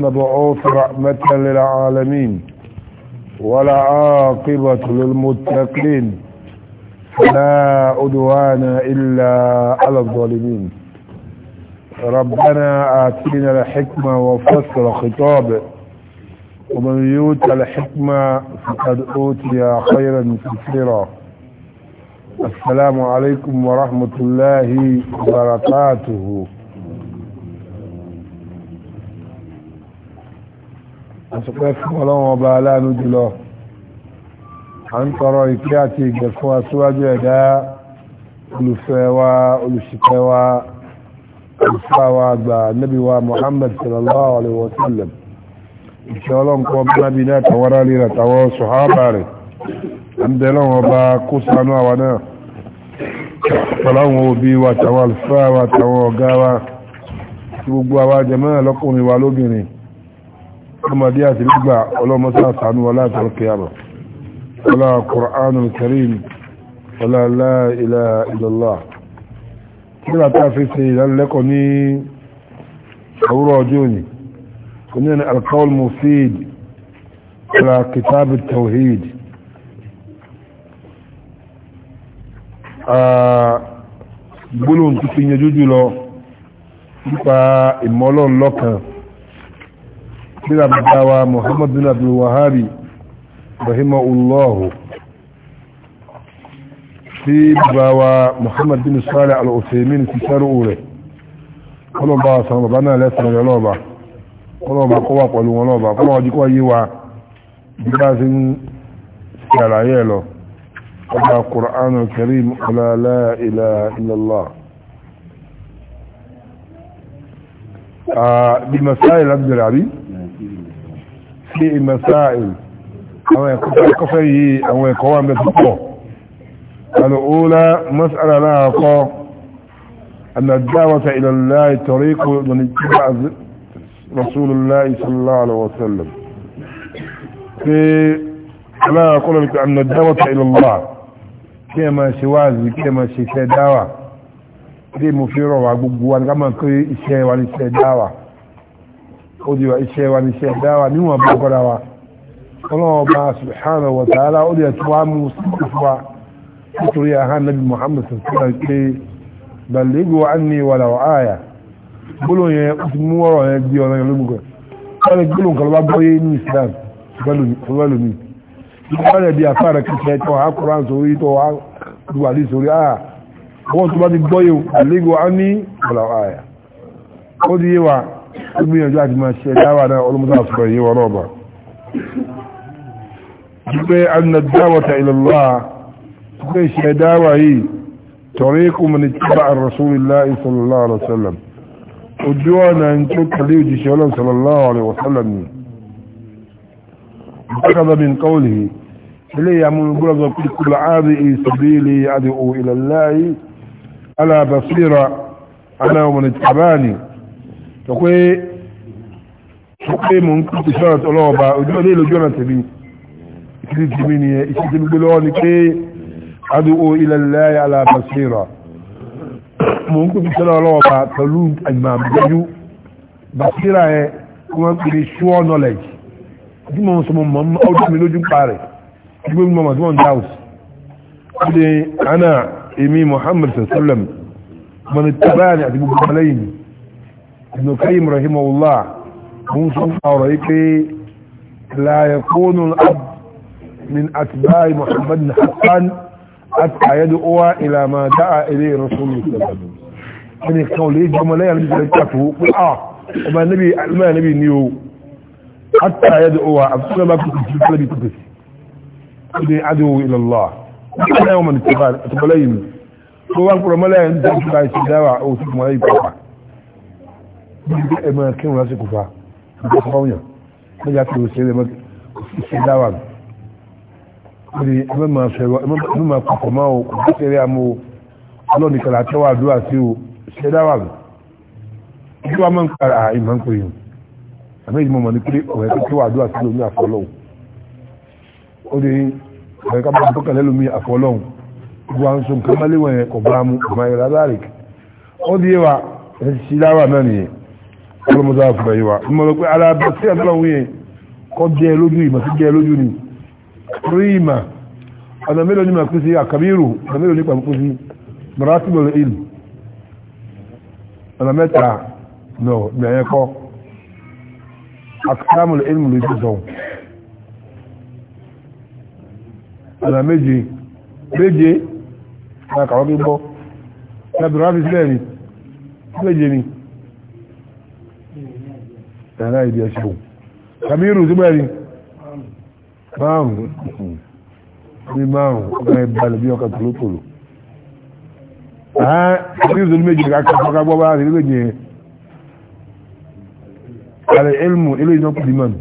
المبعوث رحمة للعالمين ولا عاقبة للمتقين لا أدوان إلا على الظالمين ربنا آتينا الحكمة وفصل خطابه ومن يوت الحكمة فقد أوتي خيرا كثيرا السلام عليكم ورحمة الله وبركاته àsopẹ́ fún ọlọ́run ọba aláàánú jùlọ à ń tọrọ ìkẹ́ àti ìgbẹ̀ fún aṣíwájú ẹ̀dá olùfẹ́ wa olùṣìkẹ́ wa olùfẹ́ wa àgbà nábì wa Muhammad sallallahu alaihi wa sallam ìṣẹ́ ọlọ́run kọ́ nábì náà tàwọn rálẹ̀ rẹ̀ sọ̀hábà rẹ̀ à ń bẹ̀rẹ̀ wọn ọba kó ṣàánú àwa náà tọ́láwọn òbí wa tàwọn àlùfáà wa tàwọn ọ̀gá wa gbogbo àwa jẹ̀mọ́ ọlọ́kùnrin wa lóbìnrin ọmọdé àti gbígbà ọlọ́mọsá sànú wọlá àtàlùkìyàmọ̀ wọlá kùránù karim wọlá láìlá ìlọ́lá nígbà tá a fi ṣe ìdánilẹ́kọ̀ọ́ ní àwúrọ̀ ọjọ́ òní oní ẹni alkaul mufid wọlá kitabu tawhid gbólóhùn tó fi yanjú jùlọ nípa ìmọ̀lọ́n بلا بداوى محمد بن عبد الوهاب رحمه الله في بداوى محمد بن صالح العثيمين في شهر أولى قالوا بقى صلى الله عليه وسلم قالوا بقى قالوا بقى قوة قالوا قالوا بقى قالوا بقى قوة يوى بقاسم سيالا يلو قال القرآن الكريم ولا لا إله إلا الله بمسائل عبد العبيد fi masáìl àwọn ẹ̀kọ́ fẹ́ yìí àwọn ẹ̀kọ́ wà mẹ́tò pọ̀ al'ula mas'ala náà kọ́ annadawata ilallahi tariqu man ittaba rasulullahi sallallahu alaihi wasallam fi ala qulu bi annadawata ilallah kema shi wazi kema shi sai dawa dai mu firo wa gugu wa kama kai ishe wa ó di wa iṣẹ́ wa ní iṣẹ́ ẹ̀dá wa níwọ̀n bá gbọ́ra wa ọlọ́wọ́ bá subhanahu wa ta'ala ó di ẹ̀tọ́ wa mú síkú fún wa nítorí àhán nabi muhammad sọ̀tọ́lá pé balẹ̀gbẹ̀ wa ní wàlà wa áyà gbólóhùn yẹn ó ti mú ọ̀rọ̀ yẹn di ọ̀rọ̀ yẹn lómùgbẹ̀ wọ́n lè gbólóhùn kan ló bá gbọ́yé ní islam ṣùgbọ́n lómi wọ́n lè di àfáàrẹ̀ kìkẹ́ tó wà á kúrán sórí tó wà á duwàlí sórí áyà ah, wọ́n tó bá ti gbọ́yé balẹ̀gbẹ̀ wa ní wàlà wa áyà ó di yé wa gbìyànjú àti máa ṣe dáwà náà olùmọ́sá àtúbọ̀ yìí wọ́n náà bà wípé anna dáwàta ilọ̀lá wípé ṣe dáwà yìí tọ̀rí kùmùnì tíba àrùsùlùlá ìsọ̀lọ́lá àrùsọ̀lọ́m ojú ọ̀nà tó kàlí òjìṣẹ́ ọlọ́sọ̀lọ́lá àrùsọ̀lọ́m ni bákàtà min kọ́ọ̀lì ilé ìyàmúlù gbọ́dọ̀ pé kùlà áàbì ìsọ̀bílì àdìhù ilọ̀lá yìí alábàṣírà aláwọn ìtàbáni sọ pé sọ pé mò ń kúrò ìṣọ́nà ọlọ́wọ́ bá ojú ọdẹ ìlójú ọ̀nà tèmi ìṣẹ́lẹ̀ tèmi ni ìṣẹ́ tèmi gbé lọ́wọ́ ni pé adúgbò ilẹ̀ lẹ́yà alábàṣẹ́ra mò ń kúrò ìṣọ́nà ọlọ́wọ́ pẹ̀lú àjùmọ̀ àbújẹ́jú bàṣẹ́ra yẹn wọ́n wọ́n dá òsì ọdún ana ابن القيم رحمه الله منصف رأيك لا يكون الأب من أتباع محمد حقا حتى يدعو إلى ما دعا إليه رسول الله صلى الله عليه وسلم أن يقول لي جمالي أنا بسألك قل آه وما نبي ما نبي نيو حتى يدعو أفسنا ما كنت في نبي تبسي أدي أدعو إلى الله أنا يوم أن تبالي تبالي سواء قرمالي ينزل في سداوة أو تبالي بابا gbogbo ẹmọ kírun lásìkò fa ìgbà tó fáwọn yàn wọ́n yà o ṣe ẹmọ ṣe dáwà nù wọ́n ni ẹmọ máa sọ ẹwà ẹmọ máa kọkọ̀ máa o kò bá ṣeré amó ọlọ́ọ̀nì kan àti ẹwà àdúrà sí o ṣe dáwà nù ìjọba máa ń kára àìmọ̀ ń pè yàn àmì ìmọ̀ mọ̀ ní pé ọ̀rẹ́ tó wà àdúrà sí lómi àfọlọ́hùn ó ní ọ̀rẹ́ ká bá bọ́kànlẹ́ lómi àfọlọ́hùn gbogbo àwọn sọ nǹkan náà nìyẹn ọlọ́mọdé àfúrà yìí wa ìmọ̀lẹ́ pé ara bá sí àtàlọ́wọ́ yẹn kọ́ jẹ́ lójú ìmọ̀ sí jẹ́ lójú ni rí ìmọ̀ ọ̀nà mélòó ni mà kú sí àkàbírù ọ̀nà mélòó ni pàmò kú sí mọ̀rásìbò ìlú ọ̀nà mẹ́ta nọ ìgbẹ̀yẹn kọ́ àkàmù ìlú ló ti sọ ọ̀nà méje méje ọ̀nà kàwọ́ bí bọ́ ọ̀nà bìrọ̀ àfi sílẹ̀ ni méje ni yàrá ìdí ẹ̀ṣẹ̀ wò kàmírù sí mẹ́rin márùn-ún ní márùn-ún ọkà ìbalẹ̀ bí ọkà tòlótòló àá kàmírù sí méjì kàkà ọkà gbọ́ bá rí méjì yẹn àrẹ elmu ilé ìjọpọ̀ dìmọ̀nù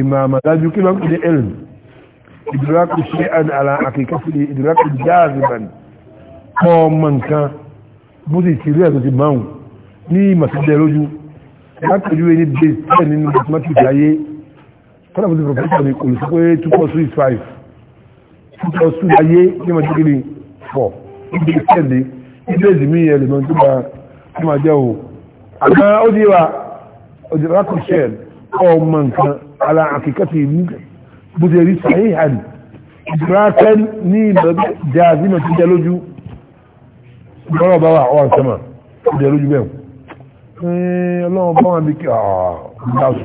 ìmọ̀ àmàdájú kí ló ń pè ní elmu idraku shay'an ala haqiqati idraku jaziban ko man kan bo ti ti re to ti maun ni maside látàjúwé ní base ten nínú mathematics ayé kọ́nà fún ti professor ní kò lè sọ pé two plus two is five two plus two ayé ní ma jẹ́kiri four ní base ten ní ní base mi yẹ lè mọ tó ma tó ma jẹ́ o àmọ́ ó di wa òjòrò akọ̀ṣẹ́ ọmọ nǹkan ala àkíkàtì ìlú bó ti rí sàyè hàn ìjọra tẹ́ ní ìmọ̀ jẹ́ àzímọ̀ tó jẹ́ lójú lọ́rọ̀ bá wà ọ̀ àṣẹmọ̀ tó jẹ́ lójú bẹ́ẹ̀ ọlọ́run bọ́ wọn bí kí ọ̀dáṣù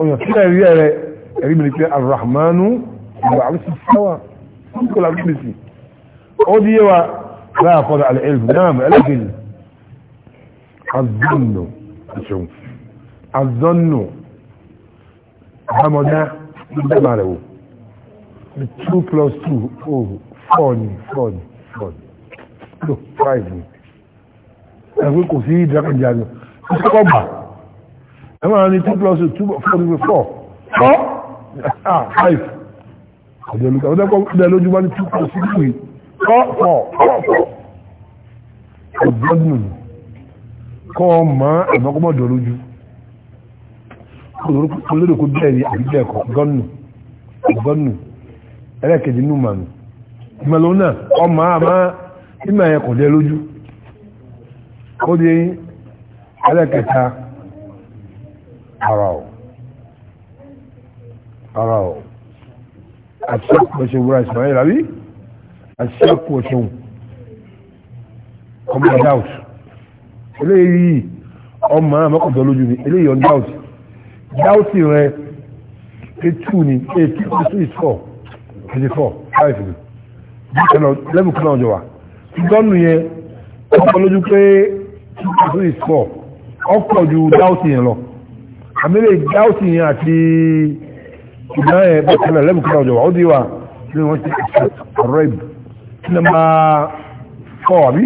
ọ̀yàn tí ẹ̀rí ẹ̀rẹ́ ẹ̀rí mìíràn pé arahmanu ìgbà àlùsí sáwà kò lábísì ó díye wa láà kọ́dà alẹ́lẹ́fù náà ẹlẹ́gẹ̀ẹ́lì azọ́nù ìṣòwò azọ́nù àmọ́dá ìgbàmà rẹ̀ wò two plus two oh four ni four ni four ni no five ni ẹgbẹ́ kò sí ìdákàjà lọ kọ́kọ́ gbà ẹ máa ní two plus two four four four ah five ọ̀dẹ̀ lójú ọ̀dẹ̀ kọ́ ọ̀dẹ̀ lójú bá ní two plus six three four four four four ọ̀dọ́dún kọ́ ọ máa ẹ̀mọ́ kọ́ mọ́ dọ̀ lójú kò lórí kò bẹ́ẹ̀ ni àbí bẹ́ẹ̀ kọ́ gọ́nù gọ́nù ẹlẹ́kẹ̀dínú mànù ìmọ̀lónà ọ máa máa ìmọ̀ ó di ẹlẹ́kẹta ara ọ̀ ara ọ̀ àṣẹ́kù ọ̀ṣẹ̀ wúra ìsìnmáyé rábí àṣẹ́kù ọ̀ṣẹ̀ wù ọmọ doubt eléyìí ọmọ àmọ́kọ̀tọ̀ lójú ni eléyìí on doubt doubt rẹ etu ni etu etu is four twenty four five ni eleven kan náà jọ wa ìdánù yẹn ọmọ lójú pé three four ọ̀pọ̀ ju dáùtì yẹn lọ àmìlẹ̀ dáùtì yẹn àti ìgbà yẹn bẹ́ẹ̀ tẹ́lẹ̀ ó di ní wọ́n ti accept rẹ́b kí ni máa fọ́ àbí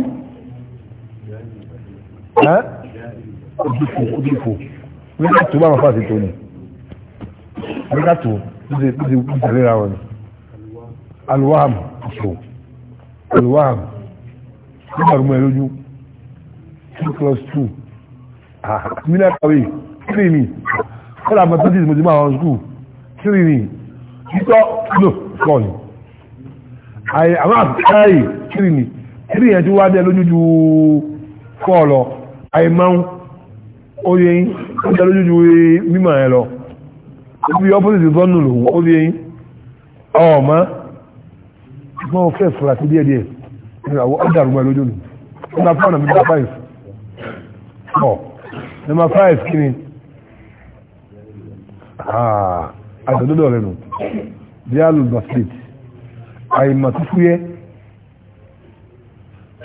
ẹ́ two plus two mílíọ̀nù kàwé three ni kọ́lá mathematics mo ti máa wọn school three ni títọ́ no four ni àyè àwọn àkáyè three ni three yẹn ti wá dé lójújú four lọ àyè máa ń oyè yín ó dé lójújú mímọ̀ yẹn lọ ó fi opposite sọ́nù lòun ó fi yín ọ̀ọ́mọ́ ṣùgbọ́n ó fẹ́ fura sí díẹ̀díẹ̀ ọ̀dà àrùmọ̀ lójú ni ó dá fọ́ọ̀nà mi dá five number five kí ni àtọ̀dọ́dọ̀ ah, rẹ̀ nù díálù basket àìmà tó fúyẹ́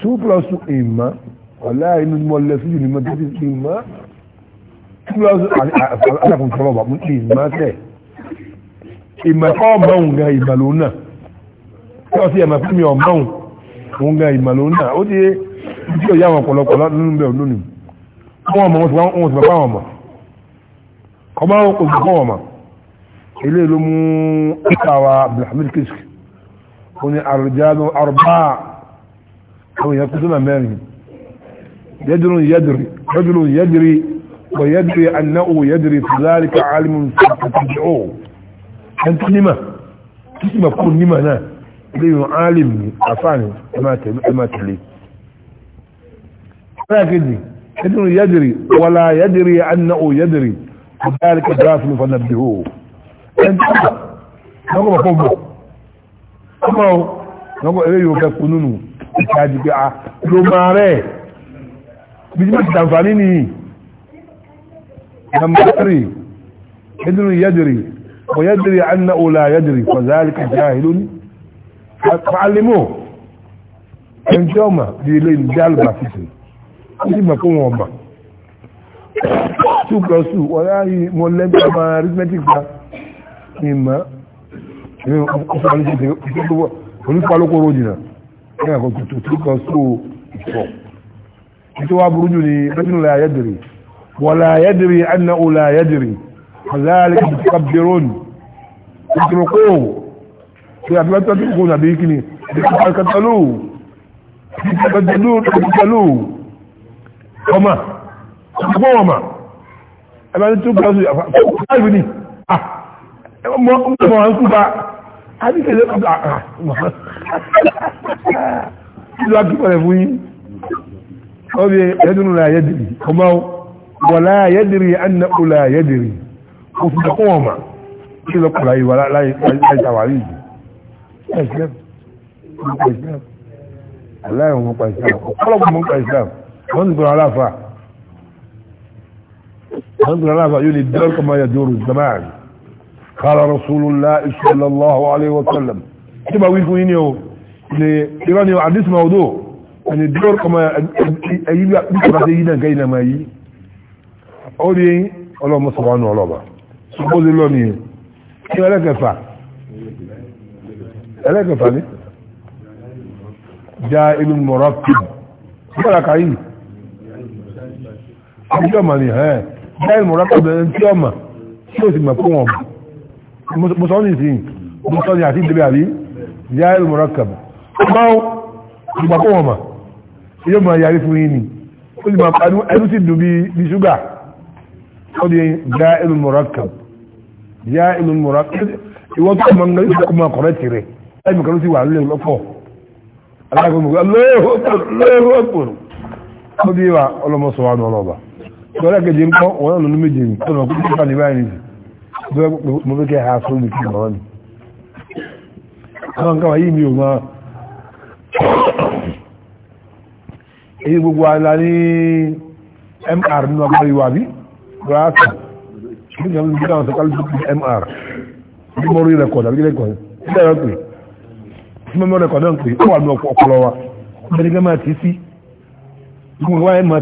two plus two ìmá ọ̀lá inú mọ́ lẹ́sí jù ní mọ́ títí ìmá two plus alákùn tọrọ wà mú ìmá tẹ̀ ìmá kọ́ ọmọun ga ìmà lòun náà kí ọ sí ẹ̀mà fún mi ọmọun òun ga ìmà lòun náà ó ti yé tí ó yá àwọn ọ̀pọ̀lọpọ̀ nínú bẹ́ẹ̀ lónìí àwọn ọmọ wọn ti bàbá àwọn ọmọ ọmọ àwọn kò gbọ́ ọmọ ilé ló mú ìkàwà abdulhamid kisk ó ní àrùjáde àrùbá àwọn èèyàn kúndùnà mẹ́rin yẹ́dùrún yẹ́dùrí yẹ́dùrún yẹ́dùrí wọ yẹ́dùrí annáwó yẹ́dùrí fìlárìkà alimun fàkàtàkì ó ẹn tó nímà tó mà kú nímà náà ilé yìí alim àfáàní ẹ máa tẹ̀lé ابن يدري ولا يدري أنه يدري ذلك الرافل فنبهوه انت نقوم بقومه ọmọ ọgbọ̀n eré yóò kẹkùn nínú ìkàjì pé a ah, ló máa rẹ̀ bí jímọ̀ ti tàǹfàní ní nàmdárì ẹdínú yẹ́dìrì ọ̀ yẹ́dìrì anna ọ̀la yẹ́dìrì kọ̀záàlì kàjá ìlú ní fàálímọ̀ ẹnjọ́ mà bí ilé ìdí alùbà fìsì ní ìgbà fún wọn ọmọ two plus two ọ̀rẹ́ àyè mo lẹ́gbẹ̀ẹ́ ọmọ arithmetic gba ní ìmọ̀ ní ọ̀pọ̀lọpọ̀ olùpàlókòrò jìnà ní àkọ́ tuntun two plus two ìfọ̀ nítorí wàá burú jù ní bẹ́tìnú la yẹ́dìrì wọ́lá yẹ́dìrì ẹ̀nà òlà yẹ́dìrì ọ̀làlẹ́ kàbíròn ìtòrókò ṣe àbíwájú tó ọmọ ọgbọ́ ọmọ ẹgbẹ́ ní two thousand five ni ọmọ ọmọ ọkùnba adìsẹ̀lẹ̀ ọmọ ọmọ ìlú akíkọ̀rẹ̀ fún yín ọbẹ̀ ẹ̀dùnú la yẹ́dìrì ọmọ wọ̀lá yẹ́dìrì ẹ̀nà ọlá yẹ́dìrì òfin ọkọ̀ ọmọ ìlọ́kọ̀lá yìí wà láyé àwárí yìí ẹ̀sìn ẹ̀sìn ẹ̀sìn aláìwọ̀n mọ́pa ìsìlámù ọ̀pọ̀lọpọ̀ mọ́pa ìsìlámù wọ́n ń gbọ́n aláfà wọ́n ń gbọ́n aláfà yóò ní dẹ́rẹ́ kama yà dúró zamani kala rasulullah sallallahu alaihi wa sallam tí ma wí fún yín ni o ní ìrọ́ ni àdìs ma odó ẹni dẹ́rẹ́ kama ẹyí bí i kọ́ra sí yí náà gẹ́yìn náà máa yí ó ní ọlọ́mọ sọ̀rọ̀ nù ọlọ́ba sọ́kọ́ sí lọ́ni yẹn kí ẹlẹ́kẹfà ẹlẹ́kẹfà ni jaa ilmu mọ̀rọ̀ kìí àjọ mà ní ẹ̀ bẹ́ẹ̀ mọ̀ rákà bẹ̀rẹ̀ tí ọmọ tí ó sì mọ̀ fún wọn mo sọ ní ìsìn mo sọ ní àti ìdílé àbí ìyá ẹ̀rù mọ̀ rákà bọ̀ máa ń gbà fún wọn mà yóò máa yarí fún yín ni ó sì máa pàdé ẹnu sì dùn bí ṣúgà ó di ìyá ẹ̀rù mọ̀ rákà ìyá ẹ̀rù mọ̀ rákà ìwọ́n tó máa ń gbé ìṣẹ́kù máa kọ̀rẹ́ tì rẹ̀ kan sì wà lórí lọ́pọ̀ alágbèmọ̀ lóòrò lóòrò ọ̀pọ̀ ó wa ọlọ́mọ sọ wa ní ọlọ́ba lọ́la kejì ńkọ́ wọn náà lónú méjì ní tọ́nà kó kíkà ní báyìí nìyí bẹ́ẹ̀ mo fẹ́ kẹ́ ha sórí mi kí màá mi àwọn nǹkan wáyé mi ò máa èyí gbogbo àlà ní mr nínú agbára ìwà bí ràásà kí ni àwọn ìgbésẹ̀ àwọn sọ̀kálù tó kú mr bí mo rí rẹ̀kọ̀dà bí rẹ̀kọ̀dà bí rẹ̀kọ̀dà pé tí mo mọ̀ rẹ̀kọ̀dà pé ó wà ní ọpọlọ wa ó bẹ̀rẹ̀ gẹ́gẹ́ máa tì sí gbogbo wáyé máa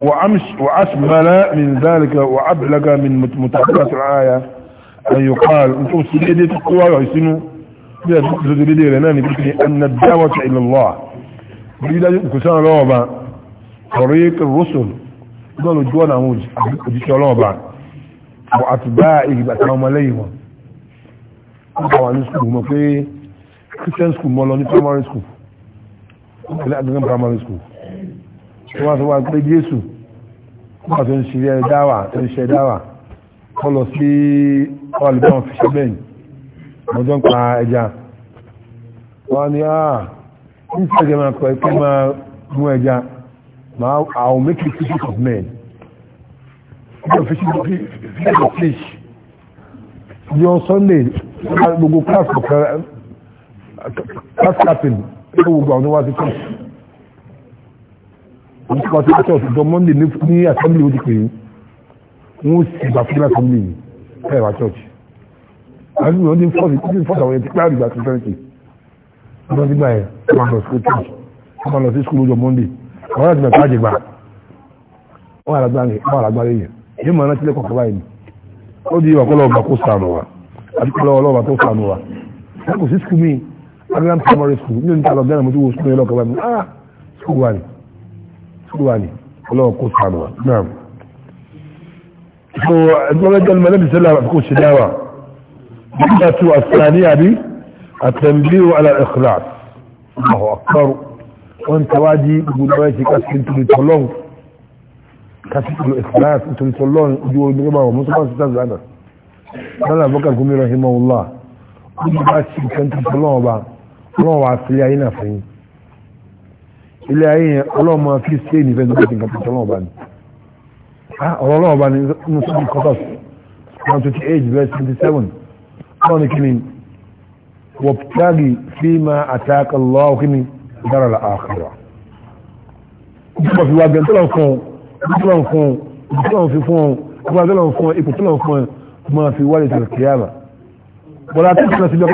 وأشمل من ذلك وأبلغ من متابعة الآية أن يقال أنتم سيدي تقوى ويسنوا بلا تقصد لدي لناني بكني أن الدعوة إلى الله بلا يمكسان لعبا طريق الرسل قالوا جوانا موج أجيش لعبا وأتباعه بأتهم عليهم طبعا نسكوه ما في كريستيان سكول مولا نتعمل سكول لا أدنى primary school tó wá sọ wá pé jésù wà tó ń ṣe dáwà tó ń ṣe dáwà kọ́ lọ sí ọ̀lùbọ̀n fìṣẹ́bẹ̀n mọ́jọ́ ń pa ẹja wọ́n ní àà ní sẹ́gẹ̀ máa pẹ̀ kí máa mú ẹja máa àwọn méjì fíṣẹ́ of men fíṣẹ́ of fish yọ sunday gbogbo class of class captain gbogbo àwọn wá sí class òun ti kọ́ sí ọjọ́ ọ̀tọ̀tọ̀ monday ní assembly ó ti pè é wọ́n sì gbà fún assembly yìí ẹ̀ wá church àti ìwọ̀n ti ń fọ́ọ̀sì tí ń fọ́ọ̀sì àwọn ẹ̀tí pẹ́ẹ́rù ìgbà tuntun ti wọ́n ti gbà ẹ̀ wọ́n lọ sí church wọ́n lọ sí school ọjọ́ monday àwọn àti mẹ́ta àjẹgbà wọ́n àlágbára yẹn yóò máa rántí lẹ́kọ̀ọ́ báyìí ó di ọ̀pọ̀lọpọ̀ kó sànù wa àti ọlọ́wọ́ tó sànù wa kò sí school mi agbẹ́rẹ́ ti wo wani ọlọ́wọ́ kó sànù wa náà so ẹgbọ́n jẹ́ mẹ́lẹ́bí sẹ́lá àkókò ṣe dáwà nígbà tó àṣàní àbí àtẹ̀mbíò aláìkìláàs ọ̀họ̀ àkọrù wọ́n tàwájí gbogbo ẹ̀ṣì kásìkò nítorí tọ́lọ́n kásìkò ìkìláàs nítorí tọ́lọ́n ojú orí nígbà wọn mọ́tò sí tàzánà lọ́nà àbọ́kà gómìnà himawullah ó ní bá ṣì kẹ́ntì tọ́lọ́n ọba ọlọ́wọ́ àṣìlẹ̀ ayé náà fẹ́yìn ilé ayé yẹn ọlọ́mọ kristiani fẹ́ ní bẹ́ẹ̀ nǹkan tọ́lọ́mọ bá ní ah, ọ̀rọ̀ ọlọ́mọ bá ní inú sọ́dún kọ́tọ́s one twenty eight verse twenty seven ọlọ́run ní kíni wọ́pútàgì fíìmà àtàkà lọ́wọ́ kíni dára la àkàrà ìjọba fi wá gẹ̀ẹ́ tọ́lọ̀ fún ọ tọ́lọ̀ fún ọ tọ́lọ̀ fi fún ọ ọgbà tọ́lọ̀ fún ọ ipò tọ́lọ̀ fún ọ máa fi wálé tàbí kìyàmà bọ́lá tó ti lọ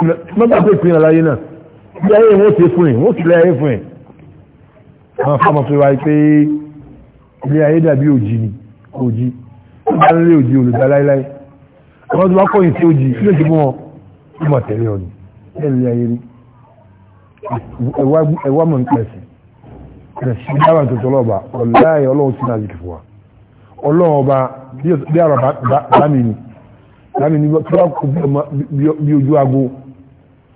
ọkùnrin náà ilé ayé fún ẹ wọn ó àwọn fọ́mọ̀ fi wáyé pé ilé ayé dàbí òjì ni òjì ìdánilé òjì olùgbà láíláí àwọn tó bá kọ́yìn sí òjì ilé ìdìbò wọn ó mọ̀ tẹ̀lé ọ̀nì ilé ayé rí ẹ̀wá mọ̀ nípa ẹ̀sìn ẹ̀sìn dábàá tó tọ́lọ́ ọba ọ̀láyé ọlọ́run sí náà fún wa ọlọ́run ọba bí ara bá mi ni bá mi ni tí wọ́n kú bí ojú ago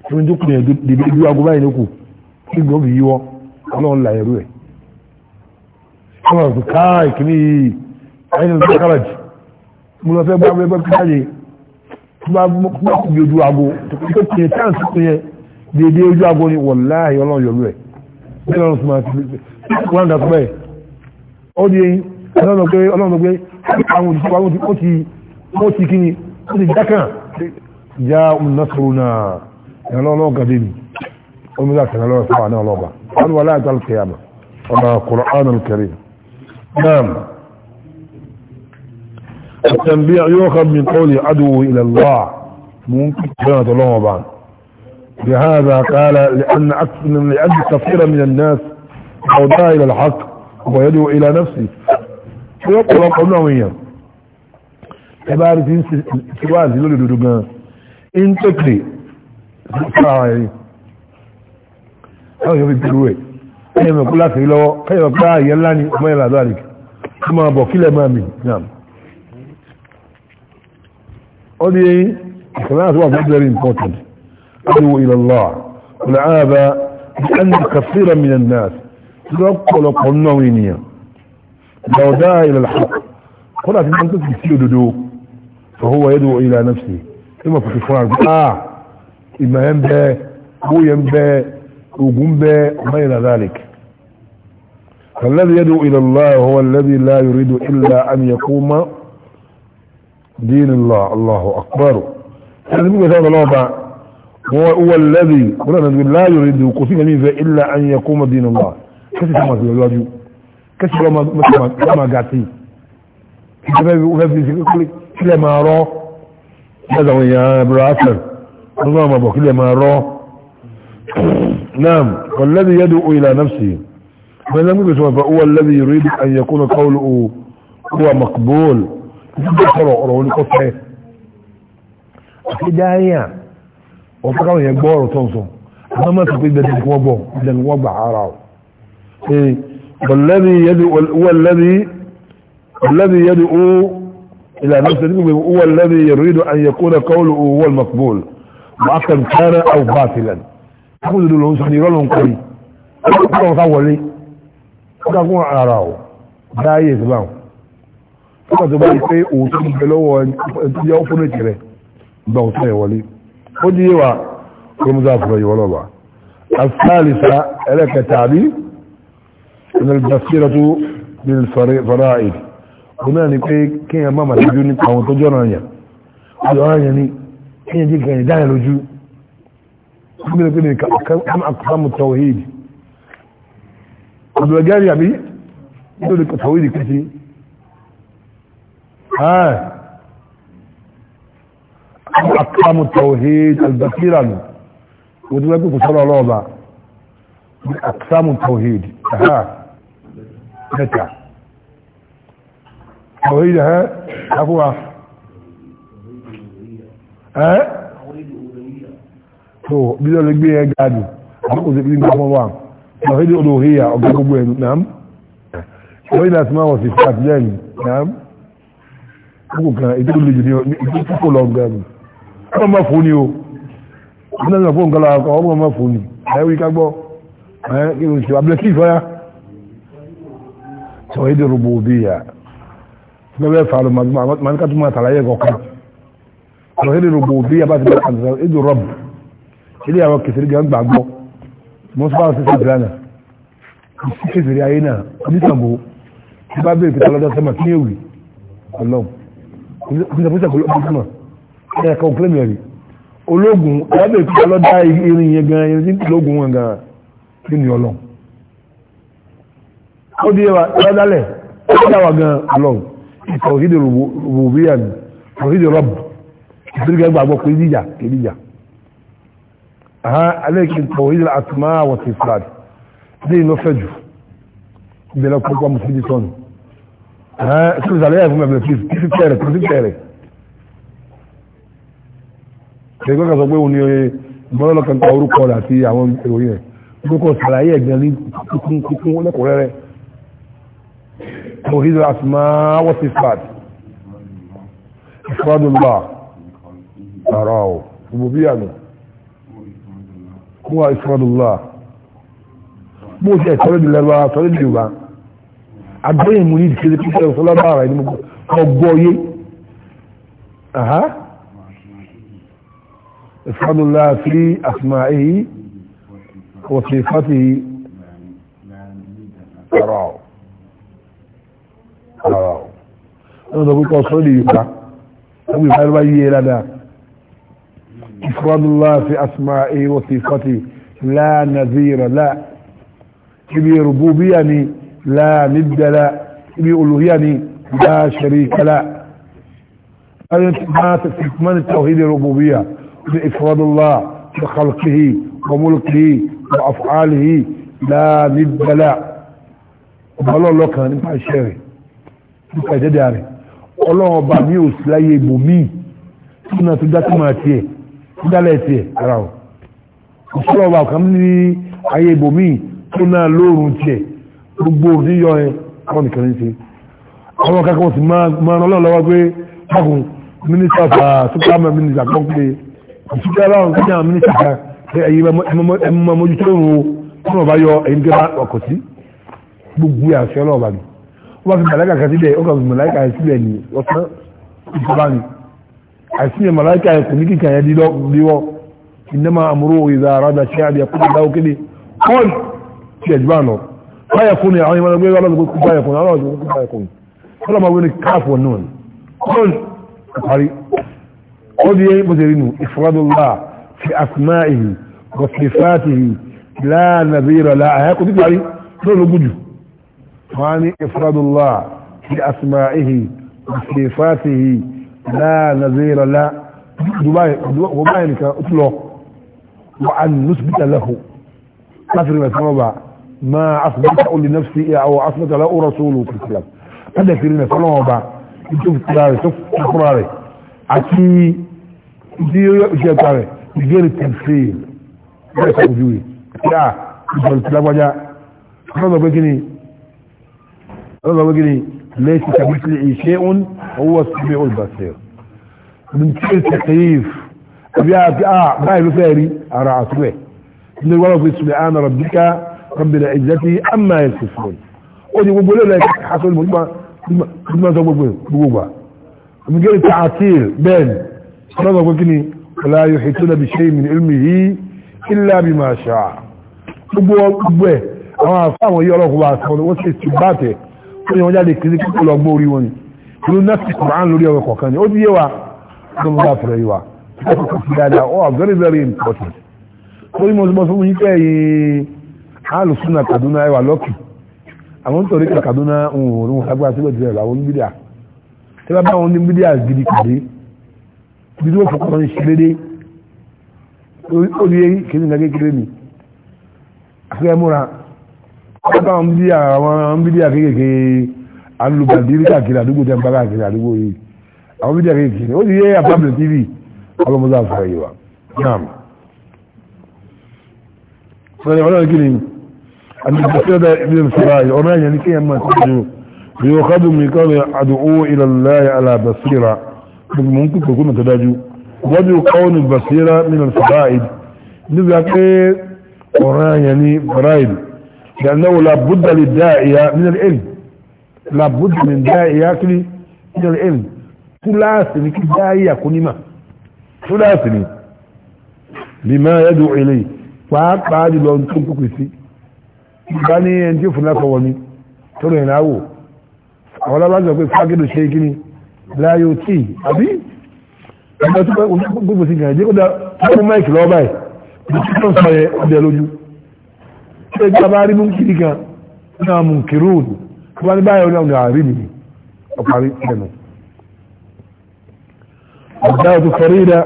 tí wọ́n tó kù yẹn dèbí ojú ago báyìí ló kù kí gbọ́n fi yíwọ́ ọlọ́run là ẹ̀rú ẹ̀ kọ́mọ̀ sí káà ìkìní àyínà tó káràjì mo lọ fẹ́ gbáwé ẹgbẹ́ kíkáyè tó bá kú bí ojú ago tó kí ẹ táǹsì tó yẹn dédé ojú ago ni wọ̀láhì ọlọ́run yọ̀lú ẹ̀ bí ọlọ́run sì máa fi wọ́n dà sọ́bẹ̀ ó di ọlọ́run pé ọlọ́run pé àwọn òṣìṣẹ́ wa ó ti ó ti kíni ó ti jákàn já nasoro náà ìrànlọ́wọ́ gàdé ni ó mú láti ìrànlọ́wọ́ sábà náà lọ́ba wọn wọlé àti alùpùpù yàmà ọ̀nà kùrọ̀ ánà kẹrin نعم التنبيع يؤخذ من قول عدو الى الله ممكن كانت الله وبعض لهذا قال لان اكثر لان كثيرا من الناس او الى الحق ويدعو الى نفسه ويقول قبل عمية تبارك انسي سوازي لولي دودوغان ان تكري سوازي او يبي بلوي كيف يقول لك الو كيف يقول لك يلاني ميلا ذلك a máa bọ̀ kílẹ̀ máa mi náà ó ní ìkànnà àti wà fún very important adúwò ila Allah ọ̀là ààbà bí a ní kàfíra mi náà lọ́pọ̀lọpọ̀ náà ènìyàn lọ́dá ila al-haq kọ́nà àti máa ń tẹ̀sí sí òdodo fọwọ́ yadúwò ila ogun ah! bẹ ọmọ ìlà zalik فالذي يدعو إلى الله هو الذي لا يريد إلا أن يقوم دين الله الله أكبر هو هو الذي لا يريد كثير إلا أن يقوم دين الله كثير ما تلواجه كثير ما قاتي كثير ما راه هذا هو يا براسل الله ما بقى كثير ما راه نعم والذي يدعو إلى نفسه من لم يسمع فهو الذي يريد أن يكون قوله هو مقبول يقرأ رؤون قصه في داعية وفقوا يكبر وتنصم أنا ما تقول ذلك وبو إذا وضع عراو والذي يدعو هو الذي الذي يدعو إلى نفس نفسه هو الذي يريد أن يكون قوله هو المقبول معقل كان أو باطلا أقول له سحني رلهم قوي أقول له ọkàkùn ara ọ̀ dáyé ìsìláàmù ọkà tó bá yí pé òótọ́ ìgbẹ́ lọ́wọ́ ẹ̀tọ́jẹ́ ọ́fún ètì rẹ̀ gba òótọ́ ẹ̀ wọlé ó di yíwa kọmọdé àfúrọ̀ yìí wọlọ́ba asálìsà ẹlẹ́kẹta àbí ìnàlùbàṣírà tó bí fara ìdí ó náà ni pé kéèyàn má mà lójú nípa àwọn tó jọ́nà yàn ọjọ́ ara yẹn ni kéèyàn jẹ́ kéèyàn dáyà lójú ó gbé abdulgari àbí nítorí kàtàwé ìdí kìí àkàmù tawhid albasira nù mo ti lẹ́gbẹ̀ẹ́ kò sọ́rọ̀ ọlọ́ọ̀bà àkàmù tawhid ẹ̀hà mẹ́ta tawhid ẹ̀hẹ́ akúwa ẹ́ tó bí lọ́lẹ́gbẹ̀ẹ́ gáàdù àkókò ní ọmọ wa توحيد الألوهية أقول نعم توحيد الأسماء والصفات يعني نعم أقول كان يقول لي جديد يقول لهم قالوا أنا ما فوني هو أنا ما فوني قال أنا ما فوني أيوة كابو أيوة أبلا كيف يا توحيد الربوبية ما بيفعلوا ما ما نكتب ما تلاقيه قوي توحيد الربوبية بس بس إيد الرب إلي أوقف رجع بعضه mọ́sùlá ọ̀sẹ̀ sí ìdílánà sí kéfèrè ayé náà onítàǹbò tí bá bèèrè pẹ̀tà lọ́dọ̀ sẹ́mà kí ní èwì ọlọ́m kùsàkùsà kò lọ́dọ̀ sẹ́mà ẹ̀ ẹ̀ka òkúlẹ̀mẹ̀rì ológun alábẹ̀rẹ̀ pẹ̀tà lọ́dọ̀ irin yẹn gan irin tí lógun wọn gan kí ni ọlọ́m ó di ẹwà ẹlọ́dálẹ̀ ẹlọ́dáwà gan ọlọ́m ìtàwọ̀ sí ìdè rògbòbíyà ni ìtàwọ̀ sí ìdè rọ́bù ìtàwọ̀ sí ìdè rọ́bù ها عليك توحيد الاسماء والصفات دي نفجو دي لو كنت مسجدون ها شوز عليها فما بلفيس كيف بتعرف كيف بتعرف kẹgbẹ́ kan sọ pé òun ni bọ́lọ́lọ́ kan ta orúkọ rẹ̀ àti àwọn ìròyìn rẹ̀ tó kọ́ sàlàyé ẹ̀gbẹ́ ní kíkún kíkún lẹ́kùnrẹ́rẹ́ توحيد الأسماء والصفات إفراد الله أراه ربوبية huwa ifradullah bó ṣe ẹ̀tọ́rọ̀ ìdílé wa tọ́rọ̀ ìdílé wa agbẹ́yìn mú ní ìdílé pípẹ́ ọ̀sọ́lá bá ara ẹni ọgbọ́ yé ifradullah fi asma'ihi wa sifatihi ọ̀rọ̀ ọ̀rọ̀ ọ̀rọ̀ ọ̀rọ̀ ọ̀rọ̀ ọ̀rọ̀ ọ̀rọ̀ ọ̀rọ̀ ọ̀rọ̀ ọ̀rọ̀ ọ̀rọ̀ إفراد الله في أسمائه وصفاته لا نذير لا إبي ربوبيني لا ند لا إبي ألوهيني لا شريك لا في من التوحيد الربوبية إفراد الله بخلقه وملكه وأفعاله لا ند لا ọ̀bọ̀lọ́ lọ́kàn nípa iṣẹ́ rẹ̀ nípa ìdẹ́dẹ́ rẹ̀ ọlọ́run ọba mi ò sí láyé ibòmíì tí wọ́n náà tó dá tó máa tiẹ̀ dálẹ̀ tiẹ̀ ara o ìṣòro ọba kan ní ayé ibòmíì tó náà lóòrùn tiẹ̀ gbogbo òdíyọ ẹ àwọn nìkan ní ṣe àwọn kankan sì máa ràn lọ́wọ́ pé bákun mínísítà fà uh, súpámẹ́ mínísítà kan pé àtúntò aláwọ̀ nígbà àwọn mínísítà kan pé ẹ̀yin ẹ̀mọ́ mójútó òun o tí wọ́n yọ ẹ̀yin tó bá ọkọ̀ sí gbogbo àṣẹ ọlọ́ọ̀bà ni wọ́n fi màláìkà kan sílẹ̀ ó kàn fi màláìkà sílẹ̀ ní ọ̀sán ni àti màláìka ẹ̀kùn ní kíkà yẹn díwọ́ ìnáma àmúrò ìzà àrádà ṣe àbí ẹ̀kùn ìdáwó kéde kọ́ọ̀n ti ẹ̀jùbá lọ báyẹ̀kùn ni àwọn ìmọ̀lẹ́gbẹ́ ọlọ́dún kó báyẹ̀kùn ọlọ́dún kó báyẹ̀kùn ọlọ́mọ wí ní káàfù náà kọ́ọ̀n parí ó di yẹn bó ṣe rí nu ìfọwọ́dọ́lá fi àsìmá ìhì bọ̀sífàtì ìhì láàbí ìrọ̀lá àyàkùn ti parí lóòlógún jù wọ́n fi àsìmá ìhì لا نظير لا دبي وما لك اطلق وأن نثبت له كثر ما سمع ما أثبت لنفسي أو أثبت له رسوله في الكلام هذا في ما سمع بعد شوف تراري شوف تقراري أكي ديو جاتاري بغير التمثيل ليس وجوهي لا يقول الكلام وجاء هذا بقني هذا بقني ليس كمثله شيء هو السميع البصير من كل تكييف أبيعك آه باي بفاري أرعتوه من الولد في سبحان ربك رب العزة أما يصفون ودي بقول لك حصل مجمع مجمع بقوبة من غير تعطيل بين فرضا وكني ولا يحيطون بشيء من علمه إلا بما شاء gbogbo ọgbẹ́ àwọn àfáwọn yọ́rọ̀ kò bá sọ́rọ̀ wọ́n kí wọ́n jáde kiri kí wọ́n lọ gbọ́ orí wọn ni ìlú nọ́ọ̀sì kùrán lórí ọ̀rọ̀ kọ̀ọ̀kan ni ó di yé wa kí wọ́n bá fẹ̀rẹ̀ yìí wa ẹ̀kọ́ kò fi dáadáa ó wà very very important ó ní mo sọ fún yín pé ẹ̀yin alùsùnà Kaduna ẹ̀wà lọ́kì àwọn ń tọ̀rí Kaduna ń wò ó lágbára síbẹ̀ jẹ́ àwọn oníbídíà tí wọ́n bá wọn oníbídíà gidi kàdé bí tí wọ́n fọkàn ń ṣe déédéé ó ní kí ní gàgé kéré ni àfihàn múra ọgbà àwọn bídíà àwọn bídíà kéékèèké alùbàdìrí káàkiri àdúgbò tẹ́ ń bá káàkiri àdúgbò yìí àwọn bídíà kéékèèké ó ti yé àpapọ̀ tv ọlọ́mọdé àfọ̀rọ̀ yìí wa naam sọ̀rọ̀ ọlọ́run kí ni àdúgbò sí ọ̀dọ̀ ibi ìṣòro ayé ọmọ ẹ̀yẹ ní kéèyàn máa tẹ̀jú yóò kádùn mi kọ́ mi àdúgbò ila Allahi ala basira gbogbo mú kúkú kúkú tó dájú wọ́n yóò kọ́ ní basira min al-fara'id níbi àpé ọ̀rọ̀ ẹ̀yẹ لأنه لابد للداعية من العلم لابد من داعية من العلم ثلاثني كداعية كنما ثلاثني بما يدعو إليه pàápàá jùlọ tó ń kúkú sí ìgbà ní ẹni tí ó fún láfọwọ́ ní tó rìn láwò àwọn alábájọ pé fágídò ṣe kí ni láyò tí àbí ẹgbẹ́ tó pẹ́ kúkú sí ìgbà ìdíkọ́dá tó mú máìkì lọ́ọ́ báyìí bí tí tó ń sọ yẹ ọdẹ lójú ṣe gbàbá rí mú kiri kan náà mú kiri òdù tó bá ní báyọ̀ náà ní àárín mi ọ̀parí ẹnu. الدعوة فريدة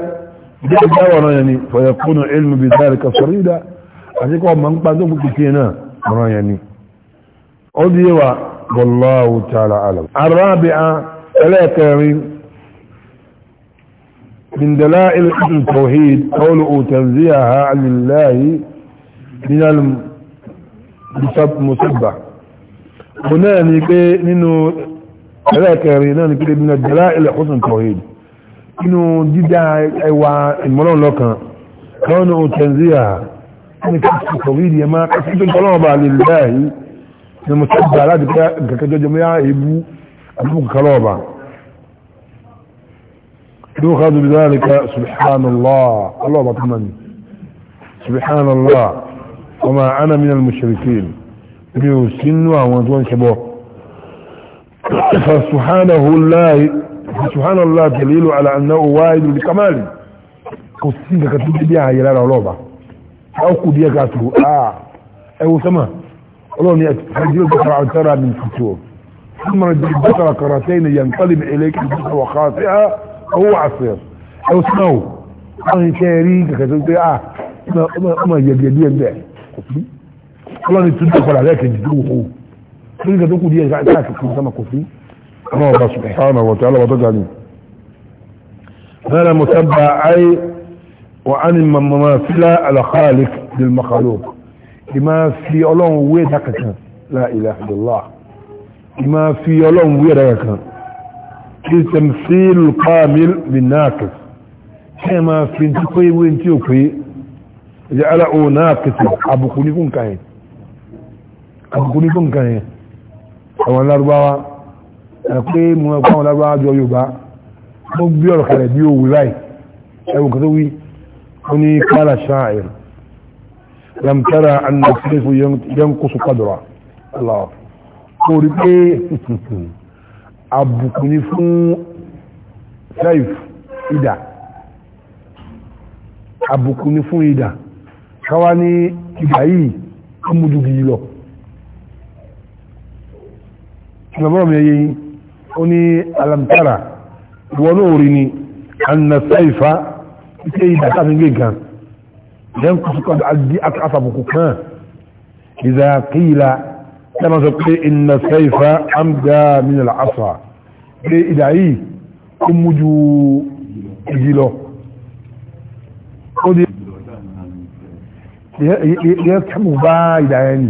دي الدعوة يعني فيكون علم بذلك فريدة àṣíkọ́ ọmọ ń pa tó kù kìí náà ọ̀ràn yẹn ni ó di yíwa wallahu ta'ala alam arábìá ẹlẹ́ẹ̀kẹrin min dala'il tawhid qawluhu tanziha lillahi min al musabba mo náà ni pé nínú ẹlẹ́ẹ̀kẹrin náà ni pé nínú jẹ́lá ilẹ̀ kọ́sùn tawhid nínú dídá ẹwà ìmọ́lọ́n lọ́kan lọ́nà òtẹ̀nzíà ní kọ́sùn tawhid yẹn máa kọ́sùn tó tọ́lọ́wọ́ bá lè láàyè ni musabba láti pé kẹ̀kẹ́ jọjọ mọ́ yá èébú àbúkù kọ́lọ́wọ́ bá يؤخذ بذلك سبحان الله الله بطمني سبحان الله وما أنا من المشركين بيوسن وانتوان شبه فسبحانه الله سبحان الله دليل على أنه واحد لكماله قصيدة كتبت بيها يلالا لوبا أو كوديا كاتبه آه أيوه سما الله أني أتحجل البصر عن ترى من فتور ثم رد البصر كرتين ينقلب إليك البصر وخاطئة هو عصير أيوه سماو أنا تاريخ كتبت آه ما ما ما يبيدين ده sí ọlọ́ni tún tó padà lẹ́ẹ̀kejì tó wò ó lórí ìgbà tó kù díẹ̀ káàkiri sama kò sí ọlọ́run bá sùn ẹ̀hán àwọn ọ̀tí alábàtọ́ ga ni. هذا مسبع أي وعن المماثلة على خالق للمخلوق لما في ألون ويد حقك لا إله إلا الله لما في ألون ويد حقك تمثيل الكامل بالناقص كما في انتقي وانتقي ja'ala o náà kìtì àbùkù ní fún kàyẹ àbùkù ní fún kàyẹ àwọn lárúbáwá ẹ̀pẹ́ mú ẹ̀kọ́ àwọn lárúbáwá jọ yorùbá mo gbé ọ̀rọ̀ kalẹ̀ bí òwú láì ẹ̀wọ̀n kan tó wí ó ní kala sha'ir lam tara anna sinifu yankusu qadra allah káwá ní ìgbà yìí ó mú ju gidi lọ ìgbàgbọ́ mi yẹ yín ó ní alamtara ìwọ náà rí ni anasaifa ike ìdàkà fi ń gé gan yẹn kò sí kọ́dọ̀ àdí kan ìdá kíìlà tẹ́lá sọ pé anasaifa amga min al-asa pé ìdá yìí ó mú ju gidi lọ yẹ kẹ́mù bá ìdá yẹn ni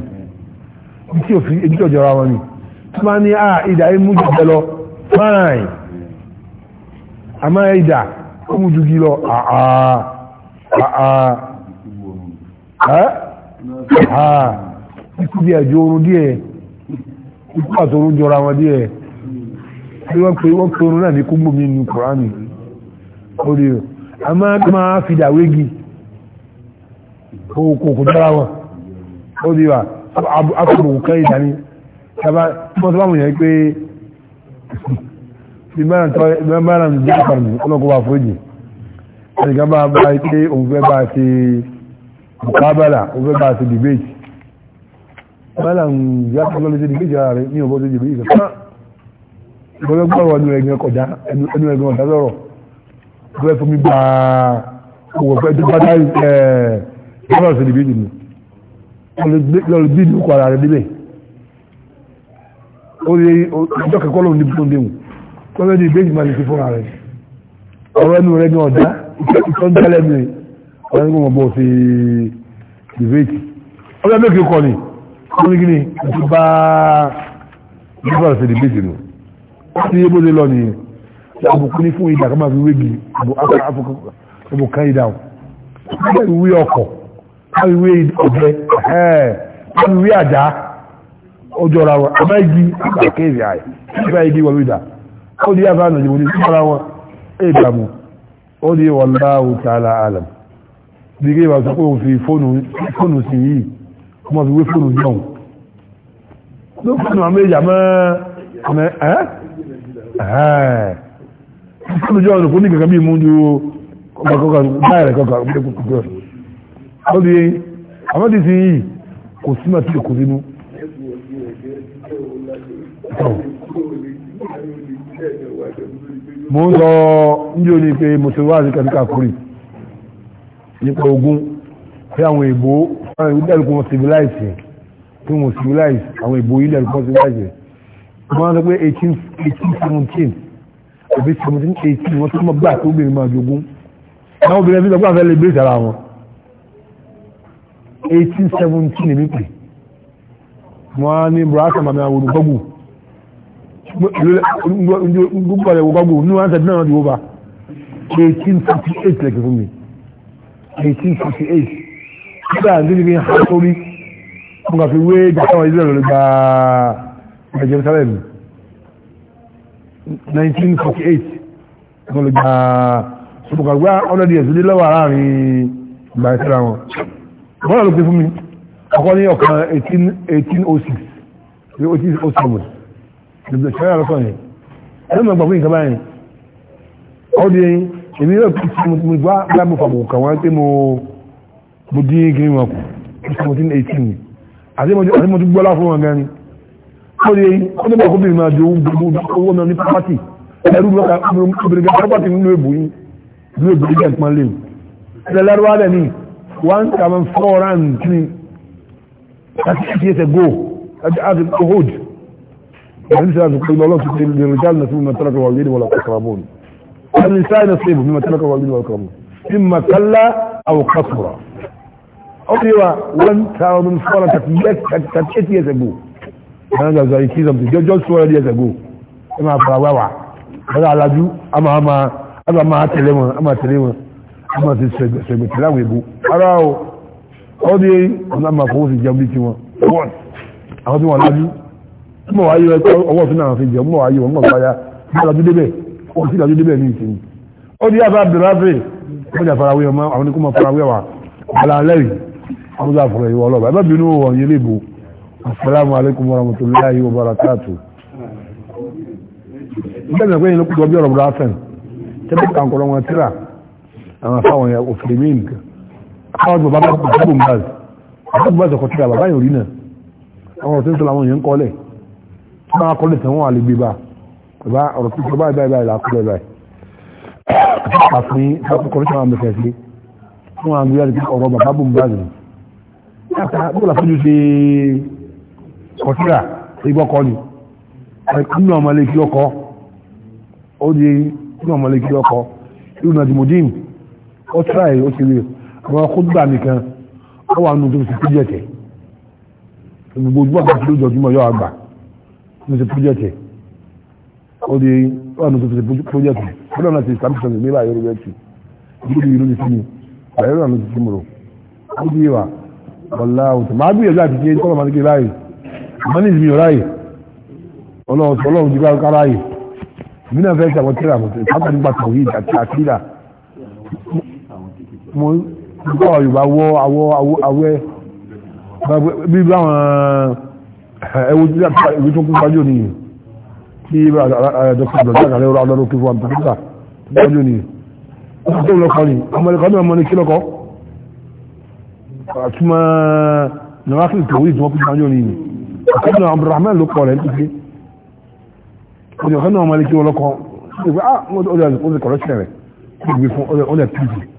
bí tí òfin ebi tí òjò ra wọn ni tí wọ́n ní à ìdá yẹn mú jùlọ lọ fáìn àmọ́ ìdá ó mú ju gí lọ àà àà àà ikú bí ẹ̀jọ́ oorun díẹ̀ ikú àti oorun jọra wọn díẹ̀ bí wọ́n pe wọ́n pe oorun náà ní kúmbòmí nínú kùránì ó rí o àmọ́ máa fi dàwégi kò kò dára wọn ó di wa akọ̀bùn kan ìdání sábà tí wọ́n sábà mú yẹn pé bí mẹ́rin ń jẹ́ àpàrùn ọlọ́kọ̀ wà fún ìjì ẹ̀ríkà bá bá pé òun fẹ́ bá ti mùkábàlà òun fẹ́ bá ti debate mẹ́rin ń jẹ́ àpàrùn ọlọ́kọ̀ debate ara rẹ̀ ní ọgbọ́n tó debate kankan gbọ́dọ̀gbọ́rọ̀ ẹ̀gbẹ́ kọjá lọ́wọ́ sí ibi ìdìbò lọ́rọ̀ bí ìdìbò kọ ara rẹ̀ débẹ̀ ó lè ọjọ́ kẹ́kọ́ lóun níbi tó ń déhùn lọ́wọ́ ní ìbéjì máa lè fi fúnra rẹ̀ ọ̀rọ̀ ẹnu rẹ̀ ní ọ̀dá ìtọ́ ń tẹ́lẹ̀ mi ọ̀rọ̀ ẹnu mọ̀ bọ̀ sí debate ọjọ́ mẹ́kì kọ ni ó ní kíni àti bá lọ́wọ́ sí debate nù ó ti yé bó lè lọ nìyẹn àbùkù ní fún ìdàkọ́ máa fi wégi àbùkù ká ìdáhùn ó bẹ̀rù wí ọkọ̀ káwíwé ọ̀gbẹ́ káwíwé àjá ọjọ́ ra wọn ọba igi àkéèrè àyè nípa igi wọ̀lú ìdá ó di yàtọ̀ ànàjì wọlé nípa ra wọn èèdàmù ó di wallahu ta'ala alam bí kí ìwà sọ pé òun fi fóònù sí yìí ọmọ fi wé fóònù yọ̀ ló fóònù àmì ìyà mọ́ ẹ̀ ẹ́ fóònù yọ̀ ọ̀nà kò kankan bí mú ju ọkọ̀ kọ̀ọ̀kan báyìí rẹ̀ kọ̀ọ̀kan lórí àmọ́dé sí yìí kò sí màtí kò sínú mo ń sọ ndí òní pé mo ti wá àti kàtíkà kúrì nípa ogun pé àwọn èbó àwọn èbó dẹ̀lùkún wọn civilize tí wọn civilize àwọn èbó yìí dẹ̀lùkún civilize wọ́n á sọ pé 18 17 àbí 17 18 wọ́n tún mọ̀ gbà tó obìnrin máa jogún àwọn obìnrin fi sọ pé àwọn fẹ́ lè bèèrè sára wọn 1870, seventeen èmi pè wọ́n á ní mami àwọn olùgbọ́gbù gbogbo àlẹ́ olùgbọ́gbù ní wọ́n á sẹ́dí náà lọ́dún wọ́n bá eighteen forty eight lẹ́kẹ̀ fún mi eighteen forty eight nígbà tí níbi ha sórí wọ́n kà fi wé jàkà wọn ìdílé lórí gbàá Jerusalem 1948. forty eight wọ́n lè gbàá sọ̀bùkà gbá ọ̀nà díẹ̀ sílé lọ́wọ́ àárín ìgbà ìsẹ́ra wọn bọ́lá ló gbé fún mi ọkọ ní ọ̀kan 1806 ní 1807 ìbùdó ṣẹlẹ̀ lọ́sọ̀ yẹn ẹni mọ̀ gbàgbé nǹkan báyìí ọdún yẹn èmi yóò fi ṣe mo gbá lábẹ́ fàbùkù kan wá pé mo mo dín kiri wọn kù 1718 àti mo tún gbọ́lá fún wọn gan ni ọdún yẹn ọdún bọ̀ kóbìnrin máa di owó náà ní pápátì ẹrú lọ́ka obìnrin gan pápátì nínú èbù yìí nínú èbù yìí gan pọ́n lé o ẹ̀rọ lárúbá dẹ̀ níyì one thousand four rand three thirty eight years ago thirty eight years ago يعني سيدنا قال الله سبحانه للرجال نصيب مما ترك الوالدين ولا تقربون النساء نصيب مما ترك الوالدين ولا تقربون إما كلا أو قصرا أقوى وان تاو من صورة تكيك تكيك يزقو أنا ذا زي كذا جو جو صورة يزقو إما فراوة هذا على جو أما أما أما تلمه أما تلمه ọmọ ti sẹgbẹ̀sẹgbẹ̀ tí láwọn èbó ara o ọ́ dé ọ̀nà máa fọwọ́ sí jẹun bí tiwọn wọ́n àwọn tí wọ́n lájú mọ̀ wáyé ọwọ́ tún náà fi jẹun mọ̀ wáyé wọn mọ̀ báyá bí lájú débẹ̀ ó sì lájú débẹ̀ ní ìsinmi ó dé àbá bẹ̀rẹ̀ wọ́n jà farawé ọmọ àwọn ní kó mọ̀ farawé wa alalẹ́rì àwọn tó àfọ̀rọ̀ ìwọ ọlọ́ba ẹ̀bá bínú wọn yé lébo asalaamu alaykum wa rahmatulahi wa barakatu. bẹ́ẹ̀ ni ọ̀gbẹ́ni ló kú àwọn afáwọn òfin mí nǹkan afáwọn bàbá bá gbogbo ń báyìí àbábọ̀ bá sọ̀kọ̀ tíra bàbá yóò rí náà àwọn ọ̀rọ̀ tó ń sọ làwọn èèyàn kọ́lẹ̀ tí wọ́n kọ́lẹ̀ tán wọ́n wà lè gbé bá bàbá ọ̀rọ̀ tó ń sọ báyìí báyìí báyìí làkúlẹ̀ báyìí àfin àkọ́kọ́ tí wọ́n bẹ̀rẹ̀ sí fún àwọn agbéyàrí ọ̀rọ̀ bàbá ni nínú ọmọlé kí ọkọ́ ó di nínú ọmọlé kí ó tíráì ó ti rí àwọn kódà nìkan ó wà nù tó fi píjẹ̀tẹ̀ gbogbo ojú àgbà tó jọjúmọ̀ yọ àgbà tó fi píjẹ̀tẹ̀ ó di ó wà nù tó fi píjẹ̀tẹ̀ ó lọ́nà ti sàmì sàmì nílà yorùbá rẹ̀ tù ìlú ìlú ní sínú àyẹ̀wò ìlànà ti sí mòrò ó di ìwà ọ̀la òtò máa gbìyànjú àti ṣe kọ́lọ̀ máa ní kí láàyè àmọ́ ní ìsinmi ọ̀ráyè ọlọ́run ti gbá káráyè ìbí náà fẹ́ ṣàkọsílẹ̀ àmọ̀tẹ́ mo gbọ́ yorùbá wọ awọ awẹ́ bí báwọn ẹwọ tí ìwé tó kún gbájú ni kí dr abdulrahman alẹ́ ọ̀rọ̀ ọlọ́rọ̀ kí fún àtàkùnkà gbájú ni tó lọ́kọ́ ni amẹ́ríkà ní ọmọ ní kí lọ́kọ́ àtúmọ̀ nàwákìlì tó wí ìtumọ̀ kún gbájú ni ọ̀kọ́ náà abdulrahman ló kọ̀ rẹ̀ ní pé ọ̀dẹ̀ ọ̀kọ́ náà ọmọ ní kí wọ́n lọ́kọ́ ó ti kọ̀rọ̀ ṣẹ̀rẹ̀ ó ti gbé fún ọ̀dẹ̀ pdp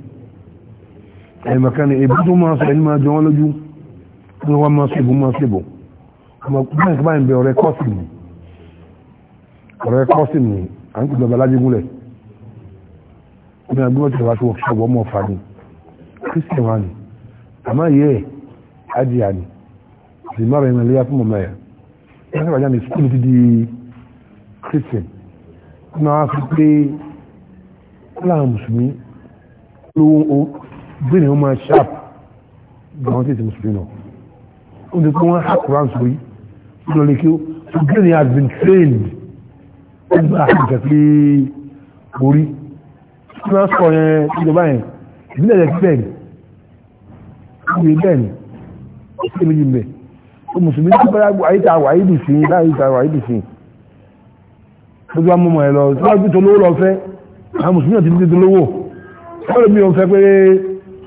ẹ̀mọ̀kánì ebi tó máa sọ ẹni máa jọ wọ́n lójú ní wọ́n máa ṣèbò máa ṣèbò báyìí kí báyìí bẹ ọ̀rẹ́ kọ́sìm ni ọ̀rẹ́ kọ́sìm ni à ń pè bàbá alájégúnlẹ̀ ọmọ ẹgbẹ́ tí wàá ti workshop ọmọ ọ̀fà ni christian wa ni àmọ́ ìyẹ́ ẹ̀ adìyà ni àti má bẹ̀rẹ̀ ìmọ̀lẹ́yà fún mọ̀mọ́ ẹ̀ ẹ̀ sábà jáde skul ti di christian ọmọ wa brain wọn máa sharp gbọ́n tí ìsinmi sùn náà ó ní kí wọ́n hàkùrán sórí lọ lè kí ó so brain has been trained ó gba àjẹ pé orí tí wọ́n sọ yẹn ìjọba yẹn ìbílẹ̀ yẹn bẹ́ẹ̀ ni ó yẹ bẹ́ẹ̀ ni ó sì méjì bẹ́ẹ̀ ó mùsùlùmí tí wọ́n ayé ta wàá yìí sìn láyé ta wàá yìí sìn gbogbo amọ̀mọ̀ ẹ̀ lọ tí wọ́n ti tó lówó lọ fẹ́ àwọn mùsùlùmí náà ti ti tó lówó lè mi ò fẹ́ pé